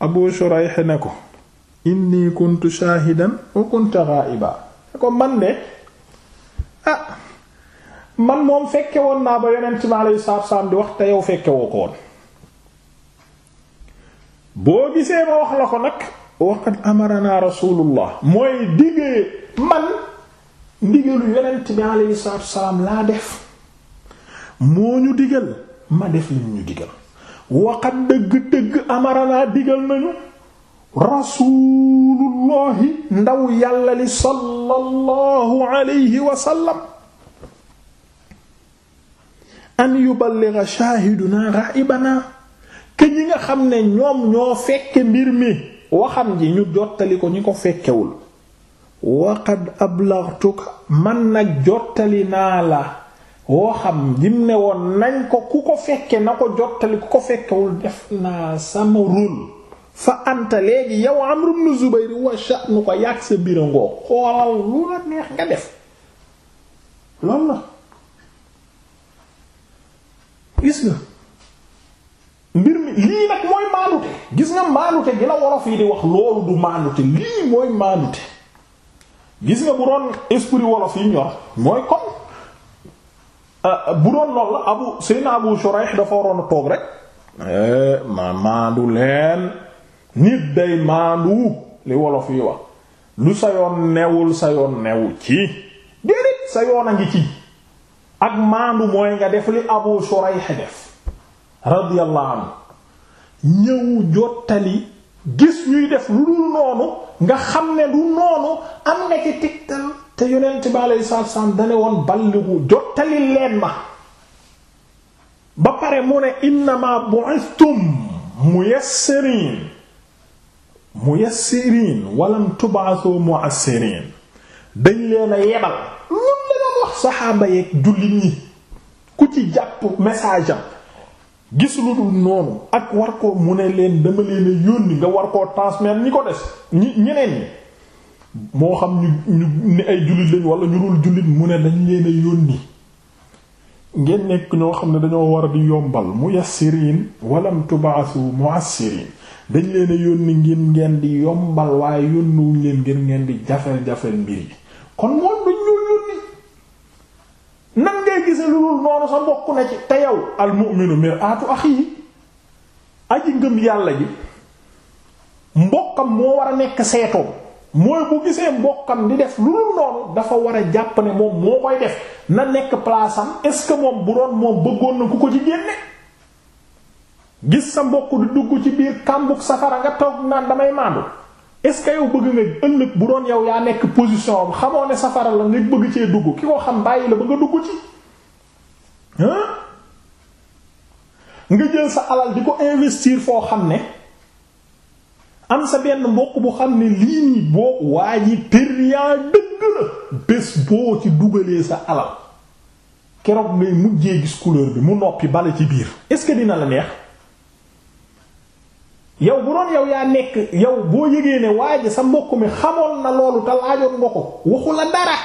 Abu Shurayh ne ko inni kuntu shaahidan wa kuntu ghaiba ko man de ah man moom fekke woon naa ba yonent mi alayhi salaatu wasalaam di wax te yow fekke woo ko woon boo gisee ma wax la ko nag waqad amarana rasulullah mooy diggee man ndigalu yonent bi alayhi salaatu wasalaam laa def moo ñu digal ma def li ñu digal waqad dëgg dëgg amarana digal nañu rasul rasulullahi ndaw yàlla li sallallahu alayhi wa sallam an yuballigha shaahiduna raibana ke ñi nga xam ne ñoom ñoo fekke mbir mi waxam ji ñu jottali ko ñi ko fekkewul waqad ablaghtuka man nag jottali naa la waxam jim ne woon nañ ko ku ko fekke na ko jottali ku ko fekkewul def naa sama rôle fa anta léegi yow Amru ibn Zubayr wa sha'nu ko yàgg sa biir ngoo xoolal lu la neex nga def loolu la gis nga mbir mi lii nag mooy maanute gis nga maanute wax loolu du maanute gis nga bu doon esprit wolof yi ñor mooy kon euh, bu doon lool la abu seyna abu Shurayh dafa waroon a toog rek eh, ma maandu leen nit day maandu li wolof yi wax lu sa yoon newul sa yoon newu ci déedéet sa yoon a ngi ci ak maandu mooy nga def li Abu Shurayh def radiyallahu anhu ñëw jottali gis ñuy def lu dul noonu nga xam ne du noonu am na ci tegtal te yonent bi alayhi salaatu woon balligu jottali leen ma ba pare mu ne innamaa bu'ithtum muyassirin mu walam tub'asu mu'assiriin dañ leen a yebal moom la doon wax saxaaba yeeg jullit ñi ku ci jàpp message am gis lu dul noonu ak war ko mu ne leen dama leen a yónni nga war koo transmettre ñi ko des ñi ñeneen ñi moo xam ñu ñu ne ay jullit lañ wala ñu dul jullit mu ne dañ leen a yónni ngeen nekk ñoo xam ne dañoo war a di yombal muyassiriin walam tub'asu mu'assiriin dañ leen a yónni ngir ngeen di yombal waaye yónniwuñ leen ngir ngeen di jafel-jafel mbir yi kon moom dañ ñoo yónni nan ngay gise lu dul noonu sa mbokk na ci te yow al mu'minu mir'atu akhi aji ngëm yàlla ji mbokkam moo war a nekk seetoom mooy bu gisee mbokkam di def lu dul noonu dafa war a jàpp ne moom moo koy def na nekk palaasam est moom bu doon moo bëggoon na ku ko ci génne gis sa mbokk di dugg ci biir kàmbug safara nga toog naan damay maandu est-ce que yow bëgg nga ëllëg bu doon yow yaa nekk position am xamoo ne safara la nga bëgg cee dugg ki ko xam bàyyi la ba nga dugg ci nga jël sa alal di ko investir foo xam ne am sa benn mbokk bu xam ne lii nii boo waa ji période dëgg la bés boo ci dugalee sa alal keroog ngay mujjee gis couleur bi mu noppi bale ci biir est-ce que dina la neex yow bu doon yow yaa nekk yow boo yëgee ne waa ji sa mbokk mi xamoon na loolu te laajoon nga ko waxu la dara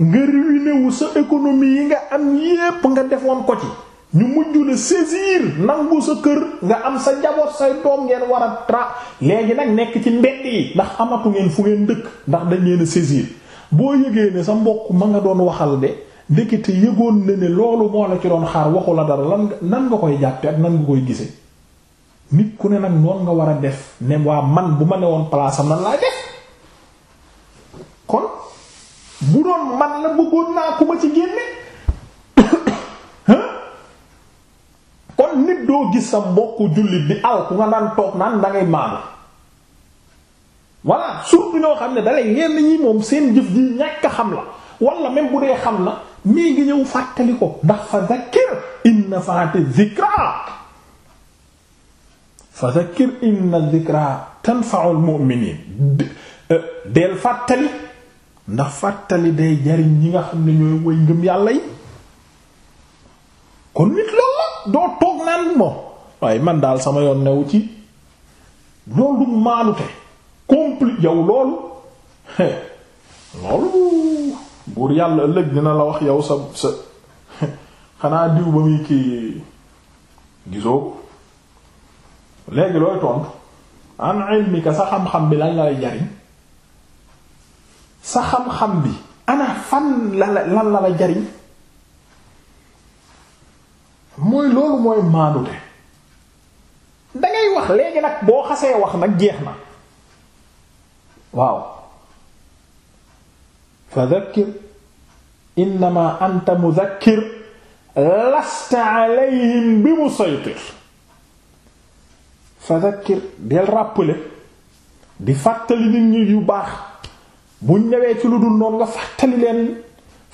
nga ruiné wu sa économie yi nga am yépp nga defoon ko ci ñu mujj la saisir nangu sa kër nga am sa jaboot say doom ngeen war a tra léegi nag nekk ci mbedd yi ndax amatu ngeen fu ngeen dëkk ndax dañ leen a boo yëgee sa mbokk ma nga doon waxal de. ndekete yëgoon na ne loolu moo la ci doon xaar waxu la dara lan nan nga koy jàppe ak nan nga koy gise nit ku ne nag noon nga war a def ne waa man bu ma ne woon place am nan laa def kon bu doon man la bëggoon naa ku ma ci génne [COUGHS] kon nit doo gis sa mbokku jullit bi al ku nga naan toog naan da ngay maanu voilà surtout ñoo xam ne dalay yenn ñi moom seen jëf ji ñàkk xam la wala même bu dee xam na mii ngi ñëw fàttali ko ndax fa zakkir in nafa'ati zikra fa zakkir inna zikra tanfa'ul mu'minin e, fàttali ndax fàttali day jariñ ñi nga xam ne ñooy woy ngëm yàlla yi kon nit loolu la doo toog naan waaye man daal sama yoon newu ci loolu du maalute compli yow loolu loolu buur yàlla ëllëg dina la wax yow sa sa [LAUGHS] xanaa diw ba muy kii gisoo léegi looy tontu an ilmika sa xam-xam bi lan la lay jariñ sa xam-xam bi ana fan la lan la la jariñ mooy loolu mooy maandute dangay wax léegi nag boo xasee wax nag jeex na waaw fa dhakkir innama anta mudhakkir lasta alayhim bi musaytir fa dhakkir del rappeler di fàttali nit ñi yu baax buñ ñëwee ci lu dul noonu nga fàttali leen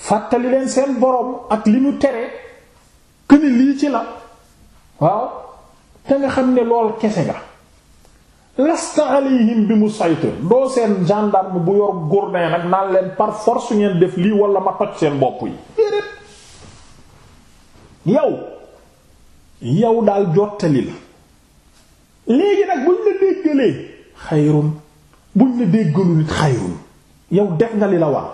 fàttali leen seen boroom ak li ñu tere këni lii ci la waaw te nga xam ne lool kese nga lasta alayhim bi mu saytu doo seen gendarme bu yor gourdin nag naan leen par su ngeen def lii wala ma toj seen bopp yi déedéet yow daal jottali la léegi nag buñ la déggalee xayrun buñ la déggalu nit xayrun def nga li la war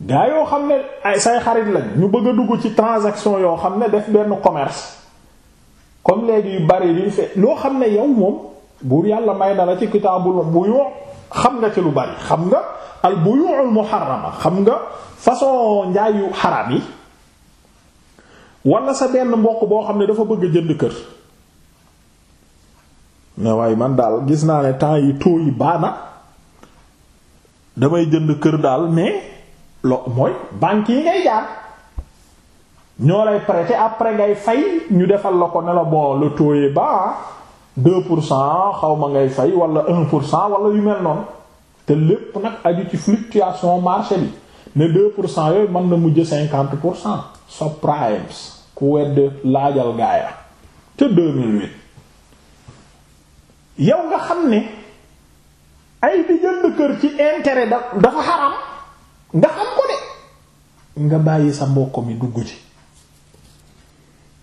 gaa yoo xam ne ay say xarit lañ ñu bëgg a dugg ci transaction yoo xam ne def benn commerce kon léegi yu bari yu fe loo xam ne yow moom buur yàlla may na la ci kitaabul buyu xam nga ci lu bari xam nga al buyu'ul muharrama xam nga façon njaayu xaraam yi wala sa benn mbokk boo xam ne dafa bëgg jënd kër mais waaye man daal gis naa ne temps yi taux yi baana damay jënd kër daal mais lo mooy banque yi ngay jaar ñoo lay prêter après ngay fay ñu defal la ko nelaw bon le taux est bas deux pour cent xawma ngay fay wala un pour cent wala yu mel noonu te lépp nag aju ci fluctuation marché bi ne deux pour cent yooyu mën na mujj cinquante pour cent subprimes ku wedd laajal gaaya te 2008 yow nga xam ne ay di jënd kër ci intérêt dafa xaram nga xam ko de nga bàyyi sa mbokk mi dugg ci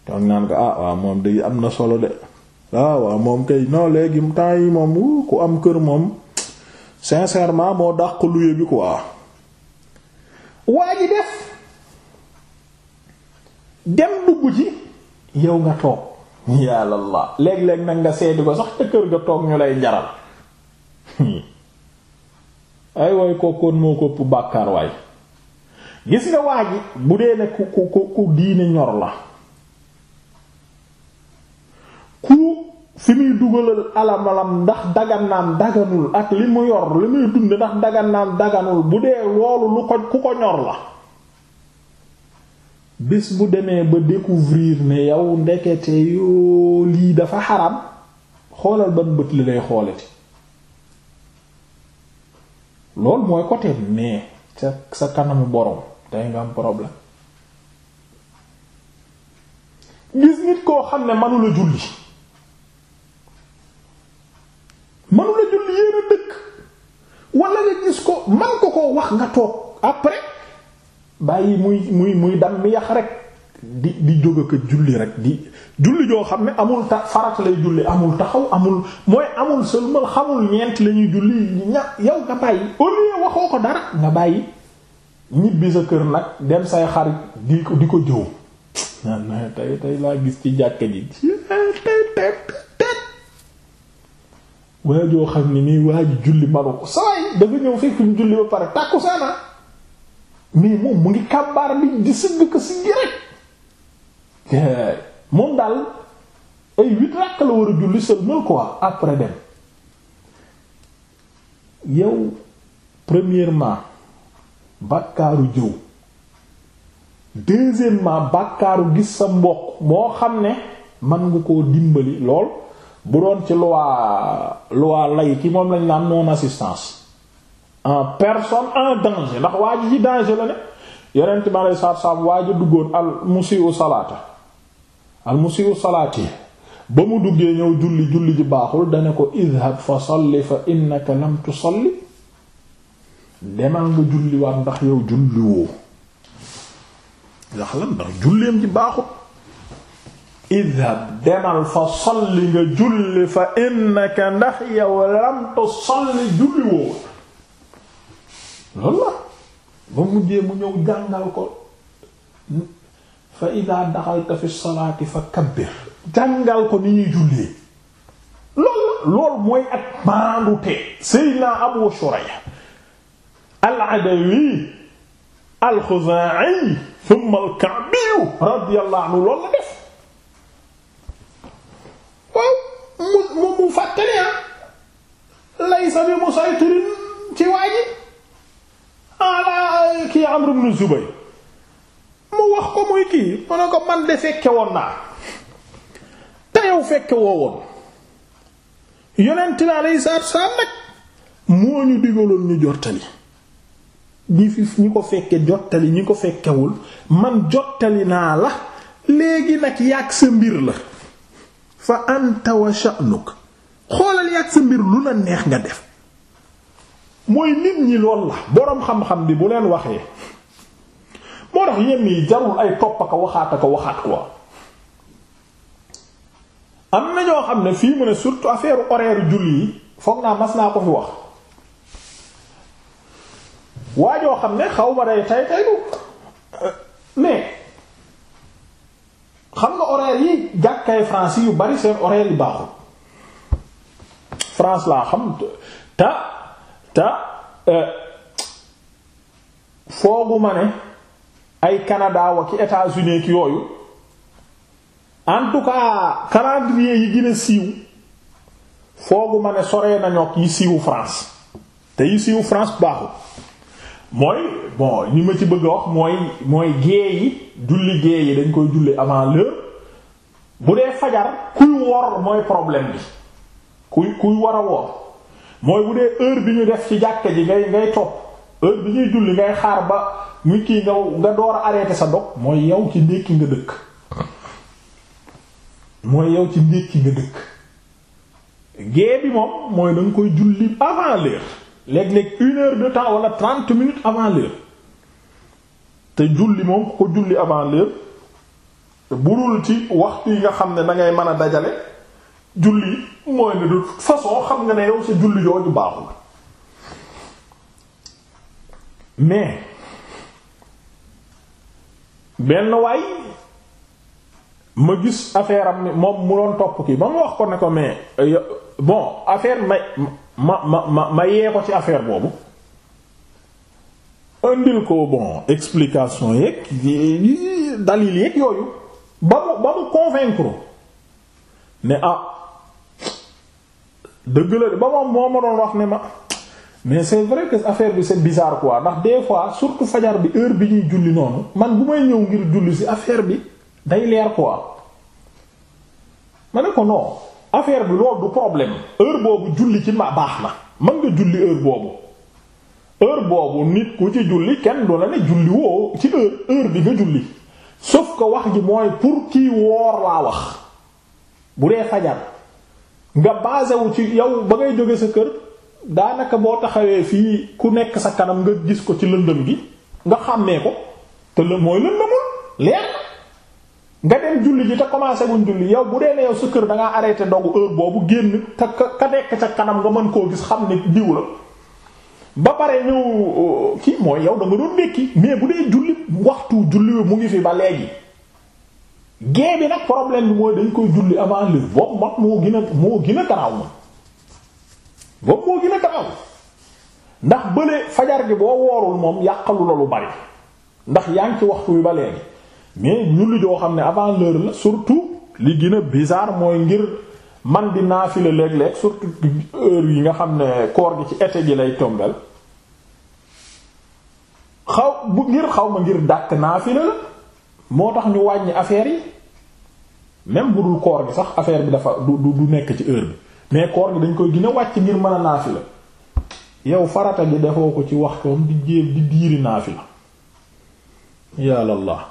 toog naan ko ah waaw moom de am na solo de ah waaw moom kay non léegi temps yi moom ku am kër moom sincèrement moo dàq luye bi quoi. waa ji def dem dugg ci yow nga toog [LAUGHS] yàlla la léeg-léeg nag nga seeti ko sax ca kër ga toog ñu lay jaral [LAUGHS] ay waay kookoon moo ko ëpp bàkkaar waay gis nga waa ji bu dee ne ku ku ku diine ñor la. fi muy dugalal alamalam ndax daganaam daganul ak li mu yor li muy dund ndax daganaam daganul bu dee loolu lu ko ku ko ñor la bis bu demee ba découvrir ne yow ndekete yoo lii dafa xaram xoolal ban bët li lay xoolati loolu mooy côté mais sa sa kanamu borom day nga am problème gis nit koo xam ne mënula julli manu julli yéen a dëkk wala nga gis ko man ko koo wax nga toog après bàyyi muy muy muy dam mi yax rek di di jóg ak julli rek di julli joo xam ne amul ta farat lay julli amul taxaw amul mooy amul sëlmal xamul ñeent la julli yow nga bàyyi au waxoo ko dara nga bàyyi ñibbi sa kër nag dem say xarit di ko di ko jëw [LAUGHS] tey ci jàkka ji [LAUGHS] tey tey waa waajoo xam ne nii waa ji julli manu ko sawaay dafa ñëw fekk mu julli ba pare tàkku saana mais moom mu ngi kàbbaar bi di sëgg ko si rek eh, moom daal ay huit ràkk la war a julli seulement quoi après dem yow premièrement bàkkaaru jëw deuxièmement bàkkaaru gis sa mbokk moo xam ne man nga koo dimbali lool bu doon ci loi loi lay ki moom lañ naan non assistance en personne en danger ndax waa ji ci danger la ne yeneen ma lay saab saab waa ji duggoon al musiiwu salaata al musiiwu salaati ba mu duggee ñëw julli julli ji baaxul dana ko idhab fa salli fa innaka lam tusalli demal nga julliwaat ndax yow julliwoo ndax lan ndax julleem ji baaxul idhab demal fa salli nga julli fa innaka ndax yow lam tusalli julli woo loolu la ba mujjee mu ñëw jàngal ko fa idha daxalta fi salaati fa kabbir jàngal ko ni ñuy jullee loolu la loolu mooy ak maandu te Seydina Abu Shurayh al-Adawi al-Khuzaa'i thumma al-Ka'bi radiyallahu anhu loolu la def mu mu mu fàtte ne ah. laysa bi musaytirin ci waa ji ala kii Amr ibn Zubayr mu wax ko muy kii mu ne ko man de fekke woon naa te yow fekke woo woon yonent bi alayhi salaatu salaam nag moo ñu digaloon ñu jottali ñi fi ñi ko fekke jottali ñi ko fekkewul man jottali naa la léegi nag yàgg sa mbir la fa anta wa sha'nuk xoolal yàgg sa mbir lu la neex nga def mooy nit ñi lool la boroom xam-xam bi bu leen waxee moo tax yenn yi jarul ay topp ak waxaat ak waxaat quoi am na ñoo xam ne fii mu ne surtout affaire horaire julli yi foog naa mas naa ko fi wax waa joo xam ne xaw ma day tay taylu euh, mais xam nga horaire yi jàkkaay France yu bari seen horaire yu baaxul France laa xam te te euh, foogu ne ay Canada wa ki États-Unis ki yooyu en tout cas calendrier yi gën a siiw foogu ma ne soree nañoo yi siiwu France te yi siiwu France baaxul mooy bon ñi ma ci bëgg a wax mooy mooy gée yi julli gée yi dañ koy julli avant l'heure bu dee fajar kuy wor mooy problème bi kuy kuy war a wor mooy bu dee heure bi ñu def ci jàkka ji ngay ngay topp heure bi ñuy julli ngay xaar ba mu kii nga nga door a arrêté sa dog mooy yow ci ndékki nga dëkk mooy bi moom mooy da koy julli avant l'heure léeg-léeg une heure de temps wala trente minutes avant l'heure te julli moom ko julli avant l'heure burul ci waxtu yi nga xam ne dangay mën a dajale julli mooy ne de façon xam nga ne yow sa julli jooju baaxul mais benn waay ma gis affaire am ni moom mu doon topp kii ba mu wax ko ne ko mais euh, bon affaire ma ma ma ma yee ko ci affaire boobu indil ko bon explication yeeg dalil yeeg yooyu ba mu ba mu convaincre ne ah dëgg la ba moom moo ma doon wax ne ma mais c'est vrai que affaire bi c'est bizarre quoi ndax des fois surtout fajar bi heure bi ñuy julli noonu man bu may ñëw ngir julli ci affaire bi day leer quoi ma ne ko non. affaire bi loolu du problème heure boobu julli ci ma baax na mën nga julli heure boobu heure boobu nit ku ci julli kenn du la ne julli woo ci heure heure bi nga julli sauf ko wax ji mooy pour kii woor laa wax bu dee fajar nga basé wu ci yow ba ngay jóge sa kër daanaka boo taxawee fii ku nekk sa kanam nga gis ko ci lëndëm gi nga xàmmee ko te la mooy lëndëmul leer nga dem julli ji te commencé guñ julli yow bu dee neew yow sa kër da ngaa arrêté dogu heure boobu génn te ka nekk ca kanam nga mën koo gis xam ne diw la ba pare ñëw euh, kii mooy yow da nga doon nekki mais bu dee julli waxtu julli wi mu ngi fi ba léegi. gée bi nag problème bi mooy dañ koy julli avant l'heure boobu mag moo gën a moo gën a garaaw moom boobu moo gën a ndax bële fajar gi boo woorul moom yàqalu la lu bari ndax yaa ngi ci waxtu wi ba léegi. mais julli joo xam ne avant l'heure la surtout li gën a bizarre mooy ngir man di naafila léeg-léeg surtout heure yi nga xam ne koor gi ci été gi lay tombel xaw bu ngir xaw ma ngir dàkk naafila la moo tax ñu wàññi affaire yi même bu dul koor gi sax affaire bi dafa du du nekk ci heure bi mais koor gi dañ koy gën a wàcc ngir mën a naafila yow farata gi defoo ko ci waxtoom di jéem di diiri naafila yàlla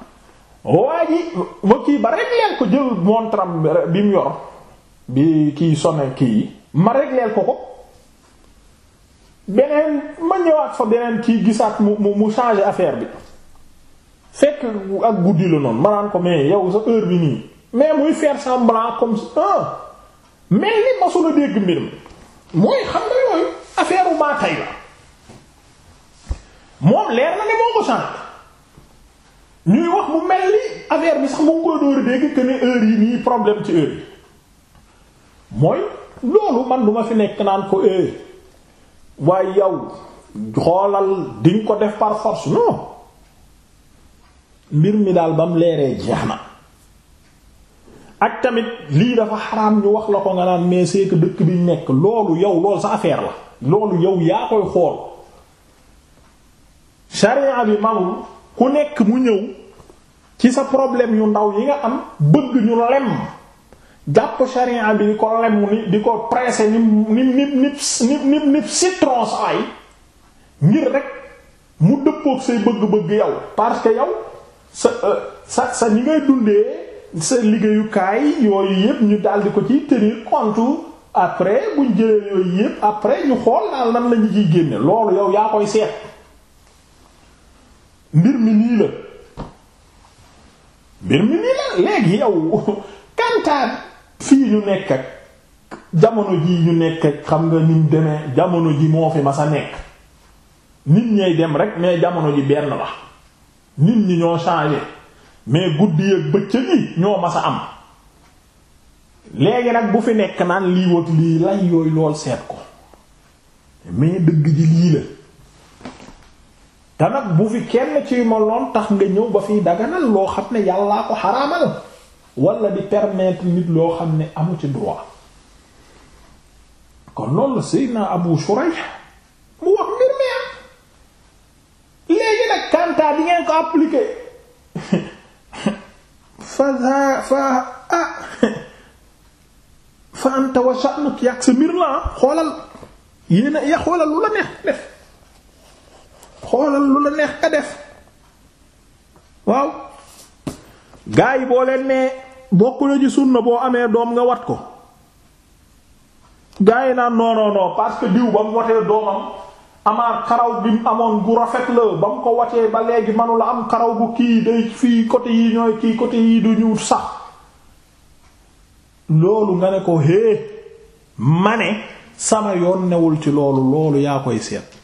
waa ji ba kii ba régleel ko jël montram bi mu yor bi kii sone kii ma régleel ko ko beneen ma ñëwaat fa beneen kii gisaat mu mu mu changer affaire bi fekk ak guddi la noonu manaan ko mais yow sa heure bi nii mais muy faire semblant comme ah mais li ma su dégg mbir mi mooy xam nga yooyu affaire u maa tay la moom leer na ne moo ko changer mu mel ni affaire bi sax mu ngi koy door a dégg que heure yi nii problème ci heure yi mooy loolu man du ma fi nekk naan ko eh waaye yow xoolal di nga ko def par force mbir mi daal bam mu leeree jeex na ak tamit lii dafa xaraam ñu wax la ko nga naan mais c'est que dëkk bi nekk loolu yow loolu sa affaire la loolu yow yaa koy xool. sharia bi manul ku nekk mu ñëw ci sa problème yu ndaw yi nga am bëgg ñu lem jàpp sharia bi di ko lem ni di ko pressé ni ni ni ni ni ni citron saay ngir rek mu dëppook say bëgg-bëgg yow parce que yow sa euh, sa sa ñi ngay dundee sa liggéeyukaay yooyu yépp ñu daldi ko ci tenir compte après bu jëlee yooyu yépp après ñu xool daal nan la ñu ciy génne loolu yow yaa koy seet mbir mi nii la mbir mi nii la léegi yow [LAUGHS] kantaan fii ñu nekk ak jamono ji ñu nekk ak xam nga ni mu jamono ji moo fi mas a nekk nit ñay dem rek mais jamono ji benn la nit ñi ñoo changé mais guddi ak bëccëg yi ñoo mas a am léegi nag bu fi nekk naan lii wëkk lii lay yooyu lool seet ko mais dëgg ji lii la te nag bu fi kenn ci ma loon tax nga ñëw ba fiy daganal loo xam ne yàllaa ko xaraamal wala di permet nit loo xam ne amu ci droit kon loolu la Seydina Abu Shurayh mu wax mbir mi ah. léegi nag kantaa di ngeen ko appliquer fa fa ah fa anta wa sha'nuk yàq sa mbir ah, xoolal yéena ya xoolal lu la neex def xoolal lu la neex nga def waaw gaa yi boo leen nee bokk na ci sunna boo amee doom nga wat ko gaa yi naan non non parce que diw ba mu watee doomam amaat karaw bi mu amoon gu rafet la ba mu ko watee ba léegi manula am karaw bu kii day fii côté yi ñooy kii côté yi du ñu sax loolu nga ne ko hé ma ne sama yoon newul ci loolu loolu yaa koy seet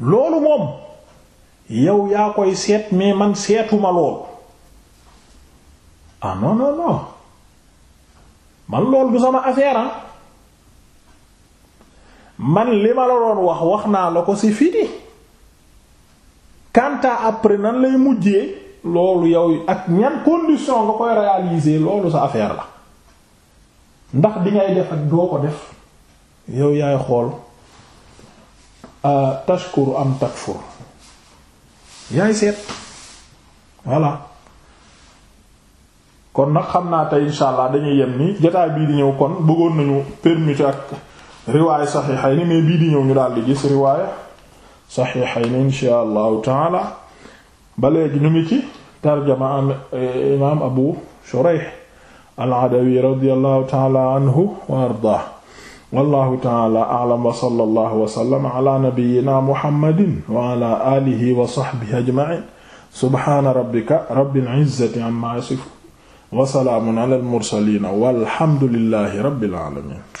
loolu moom yow yaa koy seet mais man seetuma lool ah non non non man lool du sama affaire ah man li ma la doon wax wax naa la ko si fiti quant à après nan lay mujjee loolu yow ak ñan condition nga koy réaliser loolu sa affaire la ndax di ngay def ak doo ko def yow yaay xool Euh, tashkuru am takfur yaay seet voilà kon nag xam naa tey insha allah dañuy yem ni jotaay bii di ñëw kon bëggoon nañu permettre ak riwaaya saxiixayni mais bii di ñëw ñu daal di gis riwaaya saxiixayni insha allahu taala ba léegi ñu ci tarjama am eh, imaam abu shurayh al-adawi radiyallahu taala anhu wa ardaa wallahu taala a'lam wa sallallahu wa sallam ala nabiyyina muhammadin wa ala alihi wa sahbihi ajma'in subhana rabbika rabbil izzati amma yasifun wa salaamun ala al mursalin walhamdulillahi rabbil alamin